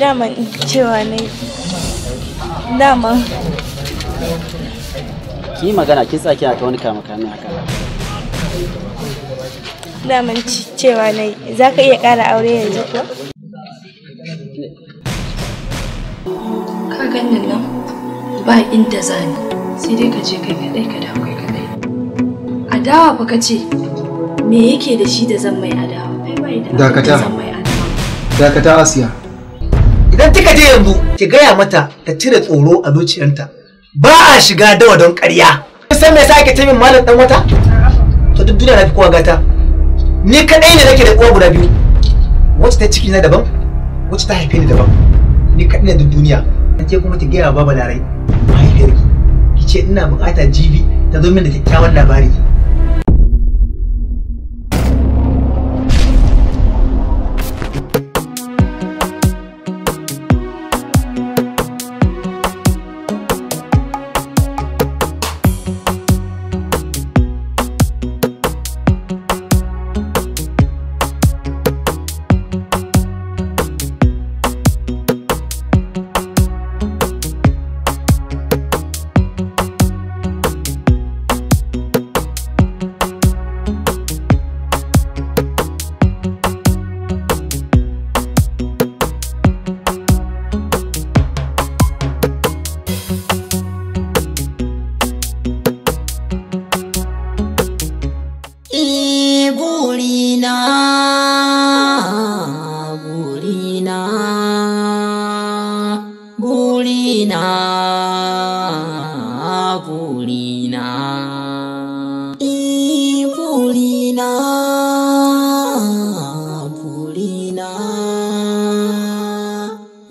daman cewa ne daman ki magana kin tsaki ta wani kama kame haka daman cewa ne za ka iya ƙara aure yanzu ko ka ganin nan ba inda zani sai dai ka je kai kadai ka dawo kai A dawa fa ka ce me yake da shi da zan mai adawa dakata dakata asiya idan kika je yanzu ki gaya mata ta cire tsoro a zuciyarta ba a shiga dawa don ƙarya san me yasa ake ce min malam dan wata to duk duniya na fi kowa gata ni kadai ne nake da kowa guda biyu wacce ta ciki na daban wacce ta haife ni daban ni kadai ne duk duniya an ce kuma ki gaya wa baba larai mahaifiyarki ki ce ina bukata jibi ta zo min da kyakkyawan labari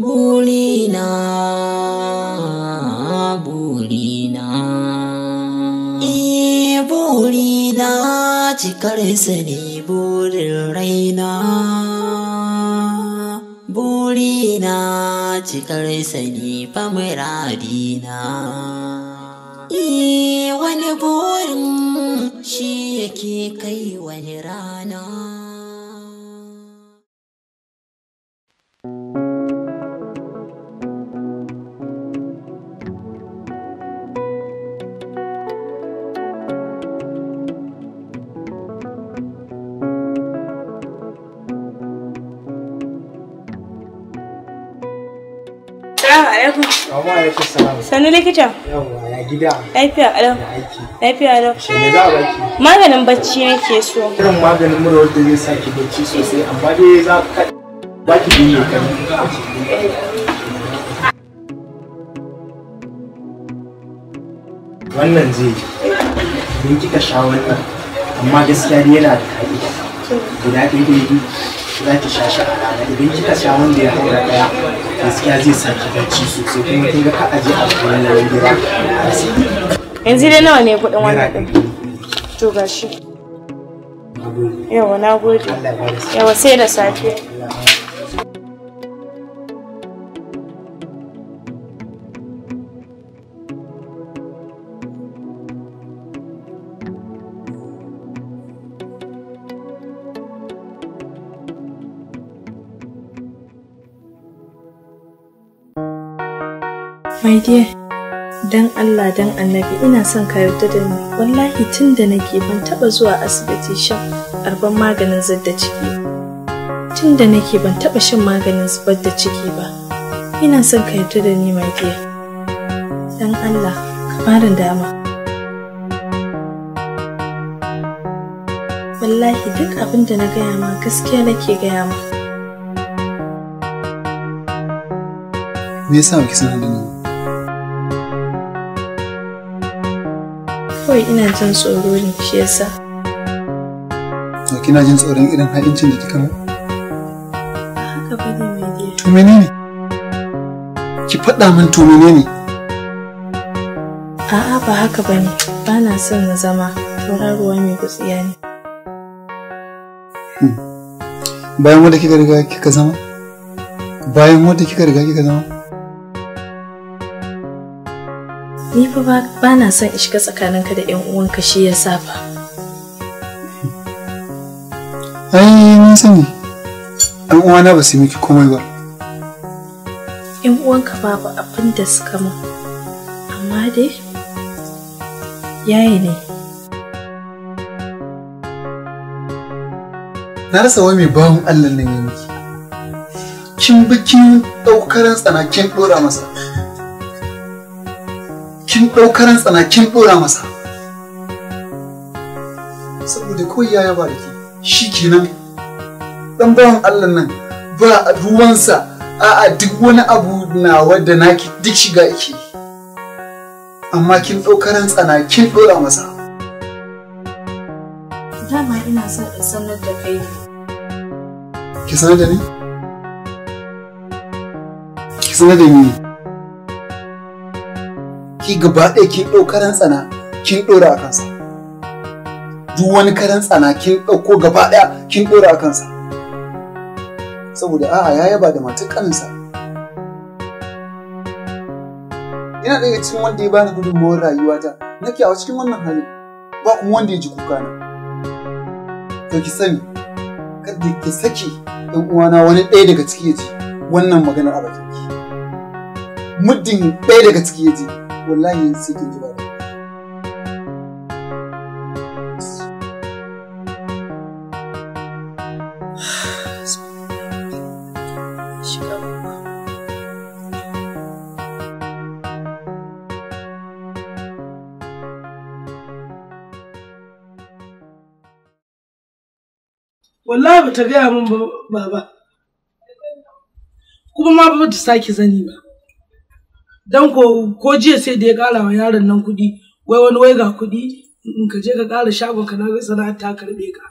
burina burina e burina cikarsa ni burin raina burina ni ne dina e wani burin shi yake kai wani rana Assalamu alaikum. Assalamu likita. ya gida. Lafiya alau. Lafiya alau. Shi za a baki. Maganin bacci nake so. Irin maganin mura wanda zai sa ki bacci sosai amma dai za ka Ba ki baki dinga kan. Wannan zai yi. kika sha wannan amma gaskiya yana da ka'ida. Guda ɗaya ɗaya za ki sha shi a rana idan kika sha wanda ya haura ɗaya gaskiya zai sa ki gaci sosai kuma kin ga ka aje a wannan gida yanzu dai nawa ne kuɗin wannan ɗin to gashi yawa na gode yawa sai da safe Nadia, don Allah don annabi ina son ka yarda da ni. Wallahi tun da nake ban taba zuwa asibiti shan karban maganin zadda ciki. Tun da nake ban taba shan maganin zubar da ciki ba. Ina son ka yarda da ni my dear. Don Allah, ka bani dama. Wallahi duk abin da na gaya ma gaskiya nake gaya ma. Me yasa ba ki san halin kawai ina jin tsoro ne shi yasa. kina jin tsoron irin ha'incin da kika mu? Haka ba da mai To menene? Ki faɗa min to menene? A'a ba haka ba ne, ba na son na zama tauraruwa mai gutsiya ne. Hmm. Bayan wanda kika riga kika zama? Bayan wanda kika riga kika zama? Ni fa ba na son in shiga tsakaninka da ‘yan uwanka shi ya sa fa. Ai, ni sani, ‘yan uwana ba su miki komai ba. ‘Yan uwanka babu abin da suka mu, amma dai, yayi ne. Na rasa wai mai bawon Allah nan yi miki. Kin bikin ɗaukaran tsana kin ɗora masa. kin tsana kin ɗora masa saboda kawai yaya ba da ke shi kenan ɗan bawan allah nan ba ruwansa a'a duk wani abu nawa da naki duk shiga yake amma kin ɗaukaran tsana kin ɗora masa dama ina son in sanar da kai ki sanar da ni ki sanar da ni ki gaba ɗaya kin ɗau karan tsana kin ɗora a kansa duk wani karan tsana kin ɗauko gaba ɗaya kin ɗora a kansa saboda a'a ya yaba da matar kaninsa ina daga cikin wanda ya bani gudunmawar rayuwata nake a cikin wannan hali ba kuma wanda ya ji kuka na to ki sani kada ki saki ɗan uwana wani ɗaya daga ciki ya ji wannan maganar a bakin ki muddin ɗaya daga ciki ya ji wallahi sai ki wallahi ba ta gaya min ba ba kuma ma ba ta sake zani ba dan ko ko jiya sai da ya kara wa yaron nan kuɗi wai wani wai ga kuɗi in ka je ka kara shagon ka na ga sana'a ta karbe ka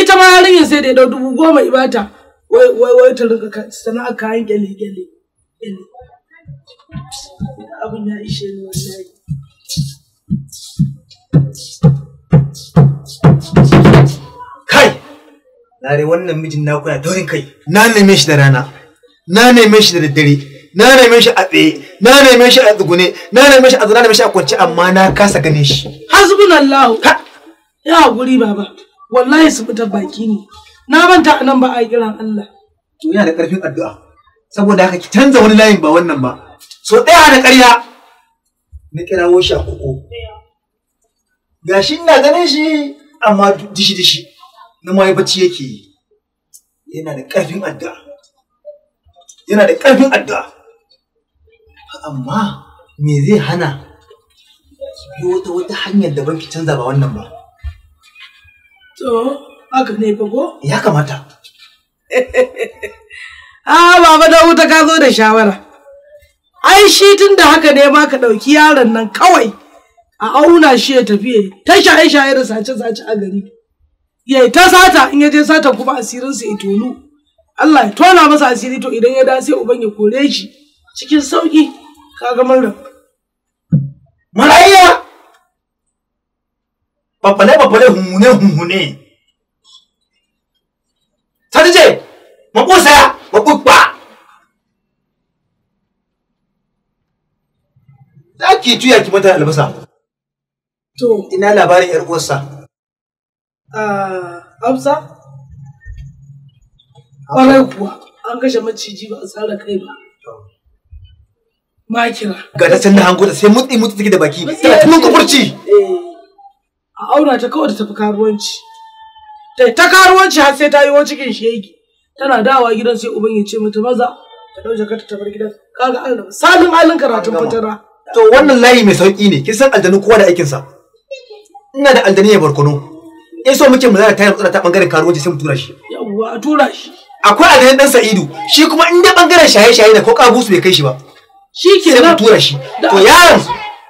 ita ma yarinyar sai da ya dau dubu goma ibata wai wai wai ta rinka sana'a kayan gyale gyale abin ya ishe ni wallahi kai lare wannan mijin na koya taurin kai na neme shi da rana na neme shi da daddare na neme shi a tsaye na neme shi a tsugune na neme shi a zana neme shi a kwance amma na kasa ganin shi ha! ya wuri baba wallahi su fita baki ne na manta a nan ba a kiran Allah to yana da ƙarfin addu'a saboda haka ki canza wani layin ba wannan ba so ɗaya da ƙarya na kirawo shi a kuku gashi ina ganin shi amma dishi dishi na mai bacci yake yana da karfin addu'a yana da ƙarfin addu'a amma me zai hana yi wata wata hanyar da banki canza ba wannan ba to haka ne fa ko ya kamata a ah, baba da wuta ka zo da shawara ai shi tun da haka ne ma ka ɗauki yaron nan kawai a auna shi ya tafi ta shaye shaye da sace sace a gari ya ta sata in ya je sata kuma asirinsa ya tonu Allah ya tona masa asiri to idan ya da sai uban ya kore shi cikin sauki kaga mallam marayya bafale bafale hunhune hunhune ce tarje makusa makukpa za ki tuya ki mata albasa to ina labarin yar uwarsa ah hafsa kwarai kuwa an kashe maciji ba a tsara kai ba makira ga ta can hango ta sai mutsi mutsi take da baki tana tunan kufurci eh, a aura ta kawai ta tafi karuwanci ta karuwanci har sai ta yi wani cikin shege tana dawa gidan sai uban ya ce mata maza ta ɗau jakarta ta bar gidan kaga Allah salin halin karatun fatara to wannan layi mai sauki ne kin san aljanu kowa da aikinsa ina da aljani ya barkono in so muke mu zara tayar tsara ta bangaren karuwanci sai mu tura shi yawwa a tura shi akwai aljani dan Sa'idu shi kuma in da bangaren shaye-shaye ne ko kabusu bai kai shi ba shi ke sai mu tura shi to yaron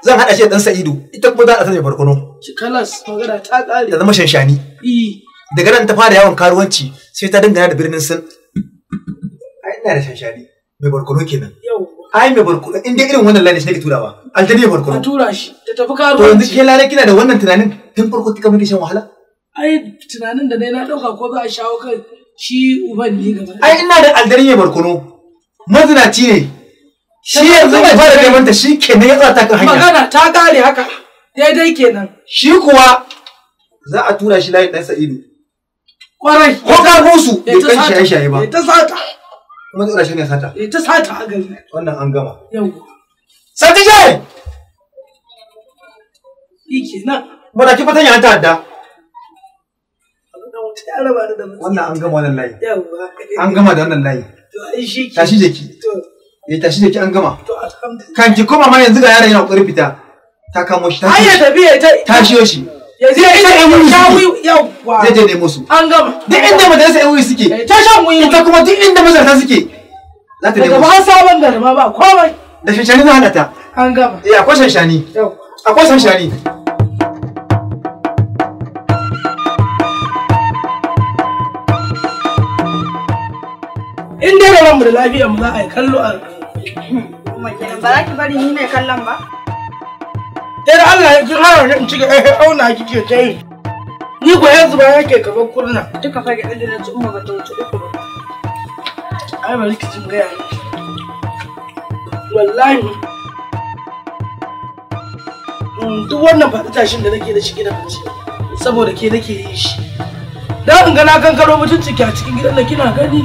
zan haɗa shi da ɗan sa'idu ita kuma za a sanya barkono kalas magana ta ƙare da zama shanshani daga nan ta fara yawon karuwanci sai ta dangana da birnin sun ai ina da shanshani mai barkono kenan ai mai barkono in dai irin wannan lalace nake turawa aljani mai barkono tura shi ta tafi karuwanci to yanzu ke lalai kina da wannan tunanin tun farko kika muke shan wahala ai tunanin da ne na ɗauka ko za a shawo kan shi uban ne gaba ai ina da aljani mai barkono mazinaci ne shi yanzu bai fara neman ta shi kenan ya tsata kan hanya magana ta kare haka daidai kenan shi kuwa za a tura shi layin dan sa'idu kwarai ko ka musu bai kan shaye shaye ba ta sata kuma shi ne sata ta sata a gari wannan an gama ki fatan ya ta adda wannan an gama wannan layi an gama da wannan layi tashi jeki to ya tashi da ki an gama kan ki koma ma yanzu ga yaron yana kokari fita ta kamo shi ta ya tafi ya ta shi shi inda an gama duk inda suke ta kuma duk inda suke za ta nemo su sabon ba da shanshani na eh akwai shanshani akwai shanshani in dai da mu da lafiya mu za a yi kallo a Kuma kenan ba za ki bari ni mai kallon ba? Yar Allah ya ji hana ni in ci gaba eh, auna kike ta yi. Ni ko yanzu ba yake gaban kurna. Duka fage ga da na ci umma ba ta wuce uku ba. Ai bari ki cin gaya. Wallahi mm, duk wannan faɗi tashin da nake da shi gidan mace saboda ke nake yi shi da in ga na kankaro mutunci a cikin gidan da kina gani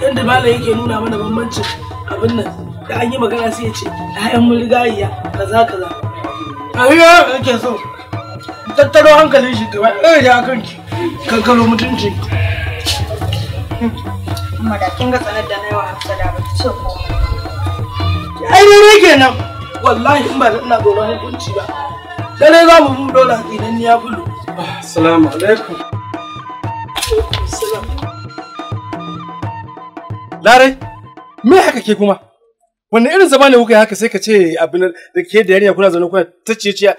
yadda bala yake nuna mana bambancin abin nan da an yi magana sai ya ce ‘ya'yan mulgayiya kaza kaza a yi yawan kake so tattaro hankalin shi gaba ɗaya da akan ki kankaro mutunci amma da kin ga tsanar da naiwa hafsa da bata ce ko ai ne ne kenan wallahi in ba da ina tsoron hukunci ba dare za mu mu dole idan ya bulu assalamu alaikum Lare, me haka ke kuma? wanne irin zama ne kuka yi haka sai ka ce abin da ke da yarinya kuna zaune kuna ta ce a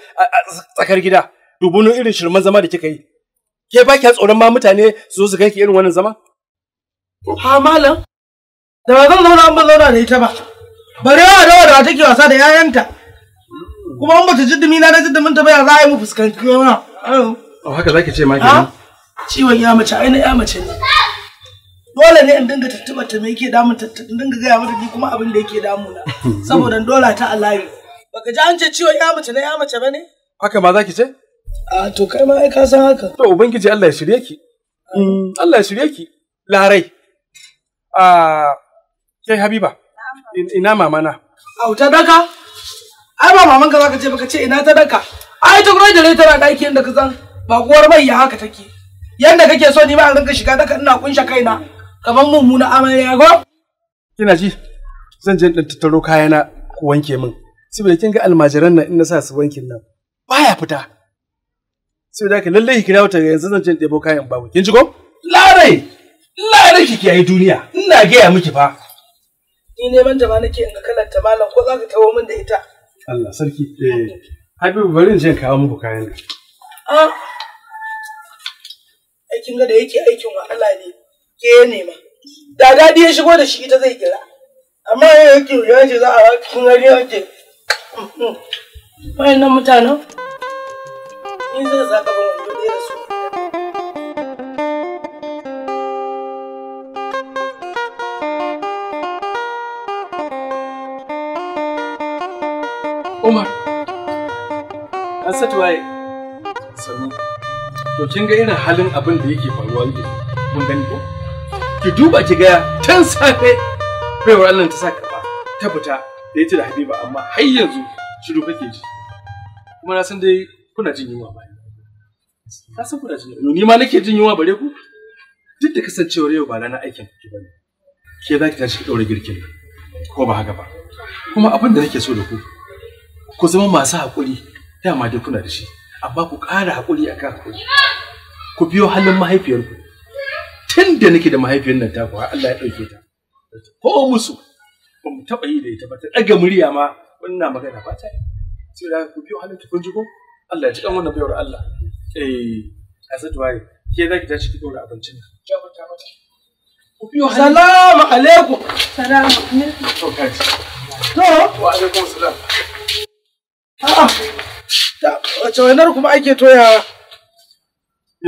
tsakar gida dubunu irin shirman zama da kika yi ke ba ki tsoron ma mutane su zo su ganki irin wannan zama ha malam da ba zan zauna an ba zauna da ita ba bare wa da wadda take wasa da yayanta kuma an bata jiddumi na da jiddumin ta ba ya za a yi mu fuskanci yana haka zaki ce ma kenan ciwon ya mace aina ya mace ne dole ne in dinga tattaba ta me yake damun ta in dinga gaya mata ni kuma abin da yake damuna saboda dole ta alayi baka ji an ce ciwon ya mace na ya mace bane haka ma zaki ce a to kai ma ai ka san haka to ubangiji Allah ya shirye ki mm, Allah ya shirye ki larai a kai habiba ina mamana au ta daka ai ba maman ka zaka ce baka ce ina ta daka ai ta gurai da rai tana daki inda ka san ba kuwar mai ya haka take yanda kake so ni ba rinka shiga daka ina kunsha kaina Kaman mummuna amarya go? Kina ji? Zan je dan tattaro kayana ku wanke min. Saboda kin ga almajiran nan in na sa su wankin nan baya fita. Saboda ka lallai ki dawo ta yanzu zan je ɗebo kayan babu. Kin ji ko? Lare! Larai ki kiyaye duniya. Ina gaya miki fa. Ni neman jama'a nake in ga kalar ta malam ko za ka kawo min da ita. Allah sarki. Eh. Habibu bari in je kawo muku kayan. Ah. Aikin ga da yake aikin wahala ne. ke ne da dadi ya shigo da shi ita zai kira amma ya yake ya ce za a kun gari ya da su Umar, an waye, sannu, to kin ga irin halin abin da yake faruwa yake mun gani ko? ki duba ki ga tun safe baiwar Allah ta saka ba ta fita da ita da Habiba amma har yanzu shiru kake ji kuma na san dai kuna jin yunwa ba na san kuna jin yunwa ni ma nake jin yunwa bare ku duk da kasancewar yau ba ranar aikin ki bane ke za ki tashi ki daura girkin ko ba haka ba kuma abin da nake so da ku ku zama masu haƙuri dama dai kuna da shi amma ku ƙara haƙuri akan ku ku biyo halin mahaifiyarku tun da nake da mahaifiyar nan taku har Allah ya ɗauke ta ko musu ba mu taɓa yi da ita ba ta ɗaga murya ma wannan magana ba ta yi sai da ku biyo halin tukun jiko Allah ya ci ɗan wannan bayar Allah eh sai wai ke za ki tashi ki ɗora abincin nan ta mata ku biyo halin salamu alaikum salamu alaikum to kaji to wa alaikum salam a ah, ta wace wainar kuma ake toya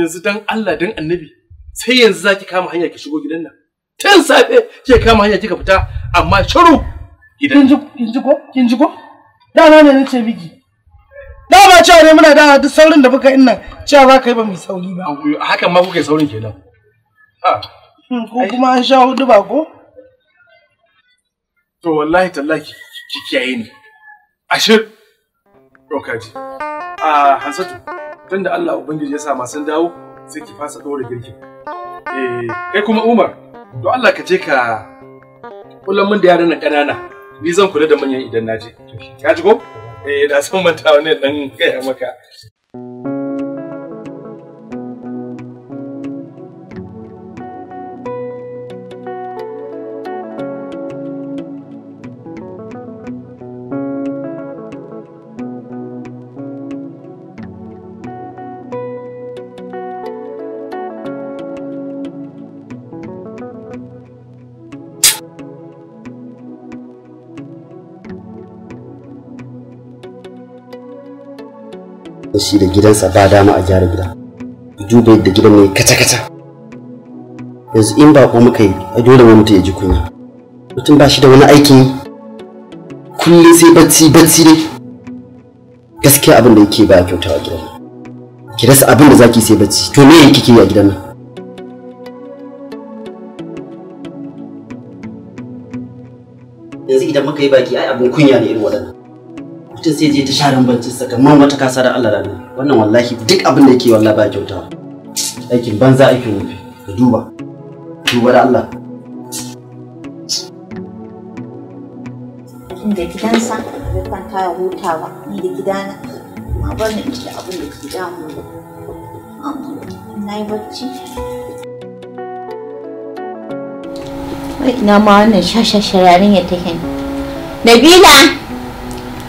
yanzu dan Allah dan annabi sai yanzu za ki kama hanya ki shigo gidan nan tun safe ke kama hanya kika fita amma shiru gidan kin ji ko kin ji ko na ne nace miki ba cewa ne muna da duk saurin da muka innan cewa za ka yi ba mai sauri ba hakan ma kuka yi saurin kenan hmm, ko kuma an sha hudu ba ko to wallahi tallaki ki kiyaye ni ashir dokaji a ah, hansatu tunda Allah ubangiji ya sa masu dawo sai ki fasa dore girkin Eh, kai kuma Umar, to Allah ka je ka kullum mun da yaran nan ƙanana. Ni zan kula da manyan idan na je. Ka ji ko? Eh, da san manta ne dan gaya maka. shi da gidansa ba dama a gyara gida duba da gidan ne kata kata yanzu in ba ko muka yi a dole mu mutu ya ji kunya mutum ba shi da wani aikin kullum sai bacci bacci ne gaskiya abin da yake ba kyauta a gidan ki rasa abin da zaki sai bacci to me yake kike yi a gidan nan yanzu idan muka yi baki ai abin kunya ne irin waɗannan mutum sai je ta sharan bancin kamar wata kasa da Allah rana wannan wallahi duk abin da yake wallahi ba kyauta aikin banza aikin wofi ka duba duba da Allah da gidansa ya kwanta ya hutawa ni da gidana ma bar na da abin da ke damu na yi bacci ina ma wannan shashashararin ya take nabila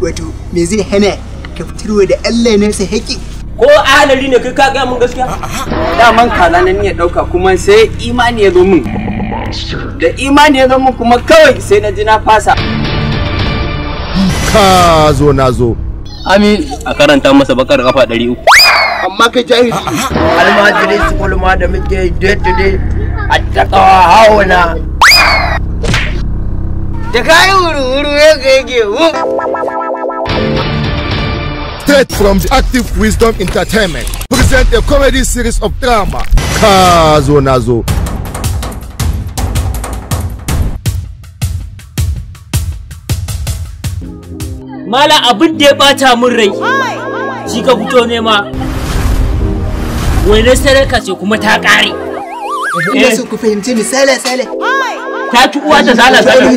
wato me zai hana ka fitarwa da Allah na sa haƙi ko ahalari ne kai ka ga mun gaskiya da man kaza nan ya dauka kuma sai imani ya zo min da imani ya zo min kuma kawai sai na ji na fasa ka zo na zo amin. a karanta masa bakar kafa 300 amma kai jahili almajiri su kulma da muke day to day a takawa hauna da kayan wuri-wuri ya ga yake straight from the Active Wisdom Entertainment, present a comedy series of drama, Kazo Nazo. Mala abin da ya bata min rai, shi ka fito ne ma. Wani sararka ce kuma ta kare ku fahimci ni Ta ci uwa ta sala-sala.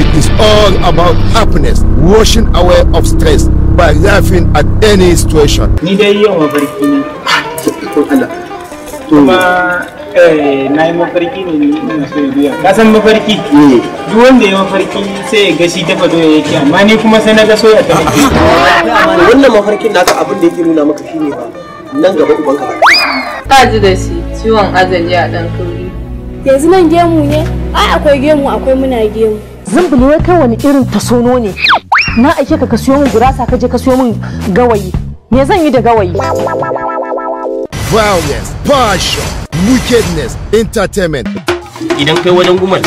It is all about happiness. washing away of stress by laughing at any situation. Ni dai yau mafarki ne. Kuma eh, na yi mafarki ne ina so biya. mafarki? Eh. Duk wanda ya mafarki sai ya gashi dafa doya yake amma ni kuma sai na ga soya ta Wannan mafarkin naka abin da yake nuna maka shine ba nan gaba ubanka ba. Ka ji da shi ciwon azali a ɗan kauri. Yanzu nan gemu ne? Ai akwai gemu akwai muna gemu. Zumbule wai kan wani irin tasono ne. na aike ka ka siyo min gurasa ka je ka siyo min gawayi me zan yi da gawayi violence passion wickedness entertainment idan kai wajen gumal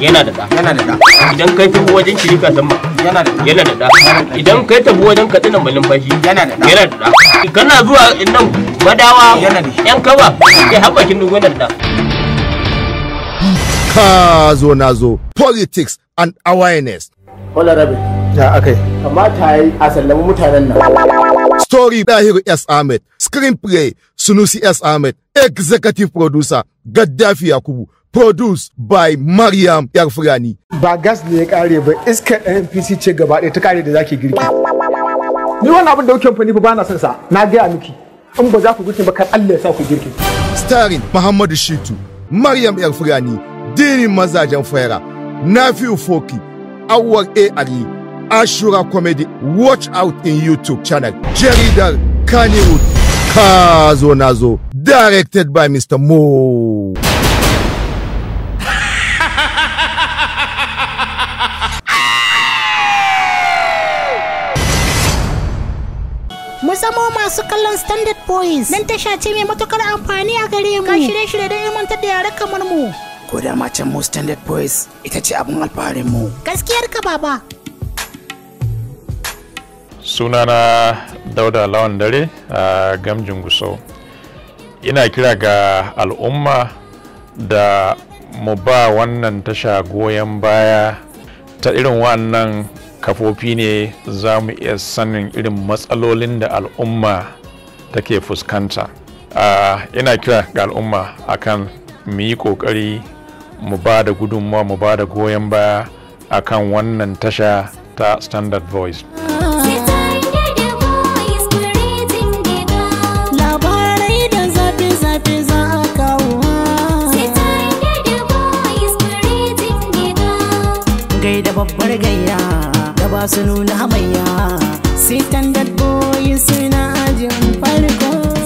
yana da da yana da da idan kai tafi wajen shirika tamma yana da da yana da da idan kai tafi wajen kadina malin fashi yana da da yana da da kana zuwa nan madawa yana da yan kaba kai haɓakin dogo yana da ka zo na zo politics and awareness hola Rabbi. Ya akai. Kamata a sallama mutanen nan. Story Dahiru S. Ahmed, Screenplay Sunusi S. Ahmed, Executive Producer Gaddafi Yakubu, produced by Mariam Yarfurani. Ba gas ne ya kare ba, iskar NPC ce gaba ɗaya ta kare da zaki girki. Ni wani abin da kuke fani ba na son sa, na gaya miki. In ba za ku girki ba kan Allah ya sa ku girki. Starring Muhammadu Shitu, Mariam Yarfurani, Dini Mazajen Fera, Nafi'u Foki, Awwar A. Ali, Ashura Comedy. Watch out in YouTube channel. Jerry Dal Kanyewood Kazo Nazo. Directed by Mr. Mo. masu kallon standard boys nan tasha ce mai matukar amfani a gare mu ka shirye-shirye da ilmantar da yare kamar mu ko da can mu standard boys ita ce abin alfaharin mu gaskiyar ka baba sunana dauda lawan dare a gamjin gusau ina kira ga al'umma da mu ba wannan tasha goyon baya ta irin wannan kafofi ne za mu iya sanin irin matsalolin da al'umma take fuskanta a ina kira ga al'umma akan mu yi kokari mu ba da gudunmawa mu ba da goyon baya akan wannan tasha ta standard voice babbar gayya da ba su nuna hamayya sitan tandar boyi suna ajin farko